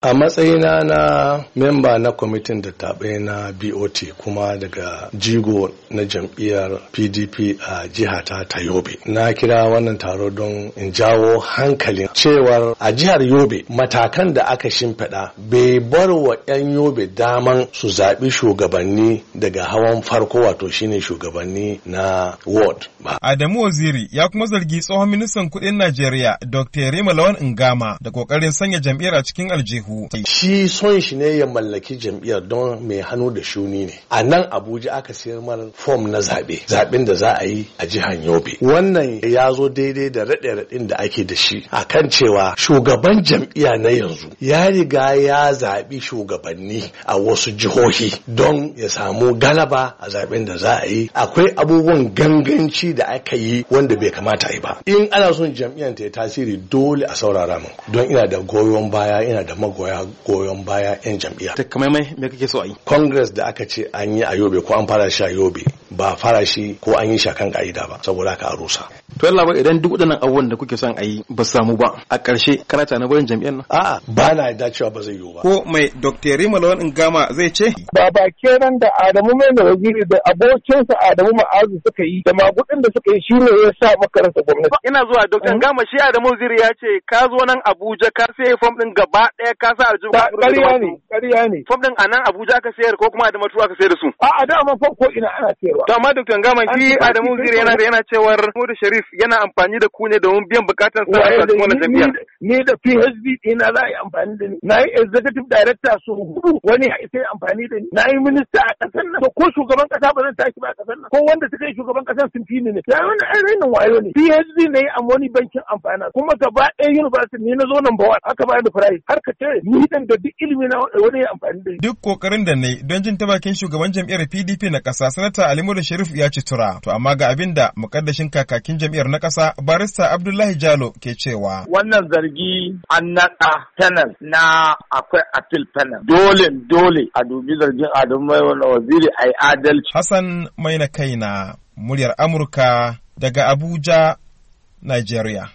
a matsayina na memba na kwamitin da taɓe na bot kuma daga jigo na jam'iyyar pdp a jihata ta yobe na kira wannan taro don in jawo hankalin cewar a jihar yobe matakan da aka shimfiɗa bai bar wa 'yan yobe daman su zaɓi shugabanni daga hawan farko wato shine shugabanni na ward ba adamu waziri ya kuma zargi tsohon ministan kuɗin najeriya dr rima lawan ngama da ƙoƙarin sanya jam'iyyar a cikin aljihu Tinubu. Shi son shi ne ya mallaki jam'iyyar don mai hannu da shuni ne. A nan Abuja aka siyar mara fom na zaɓe, zaɓen da za a yi a jihar Yobe. Wannan ya zo daidai da raɗe-raɗin da ake da shi a kan cewa shugaban jam'iyya na yanzu ya riga ya zaɓi shugabanni a wasu jihohi don ya samu galaba a zaɓen da za a yi. Akwai abubuwan ganganci da aka yi wanda bai kamata a yi ba. In ana son jam'iyyar ta yi tasiri dole a saurara mu don ina da goyon baya ina da mago magoya goyon baya 'yan jam'iyya. mai me kake so a yi? Congress da aka ce an yi a yobe ko an fara shi a yobe ba fara shi ko an yi shakan ka'ida ba saboda haka a rusa. to yalla ba idan duk wadannan abubuwan da kuke son a yi ba samu ba a ƙarshe kana ta na barin jami'an nan a'a ba na da cewa ba zai yiwu ba ko mai dr in ingama zai ce ba ba kenan da adamu mai da wajiri da abokinsa adamu ma'azu suka yi da magudin da suka yi shine ya sa rasa gwamnati ina zuwa dr ingama hmm? shi adamu ziri ya ce ka zo nan abuja ka sai fom din gaba daya ka sa aljihu ka kariya ne Kariya ne fom din anan abuja ka sayar ko kuma adamu tuwa ka sayar da su a'a dama fom ko ina ana cewa to amma dr ingama shi adamu ziri yana da yana cewar mu da sharif yana amfani da ku ne domin biyan bukatar sa a wannan Ni da PhD ina za a yi amfani da ni. Na yi executive director so hudu wani sai amfani da ni. Na yi minista a ƙasar nan. Ko shugaban ƙasa ba zan tashi ba a ƙasar nan. Ko wanda suka yi shugaban ƙasar sun fi ni ne. Ya wani ai rainin wayo ne. PhD na yi a wani bankin amfana. Kuma gaba ɗaya university ni na zo nan bawa aka ba ni prize. Har ka ce ni dan da duk ilimi na wani ya amfani da ni. Duk kokarin da na yi don jin tabakin shugaban jam'iyyar PDP na ƙasa sanata Alimu Sharif ya ci tura. To amma ga abin da mukaddashin kakakin jam'iyyar Jami'ar na ƙasa barista Abdullahi Jalo ke cewa. Wannan zargi an naɗa panel na akwai appeal panel. Dole dole a dubi zargin Adamu Waziri a yi adalci. Hassan mai na kai na muryar Amurka daga Abuja, Nigeria.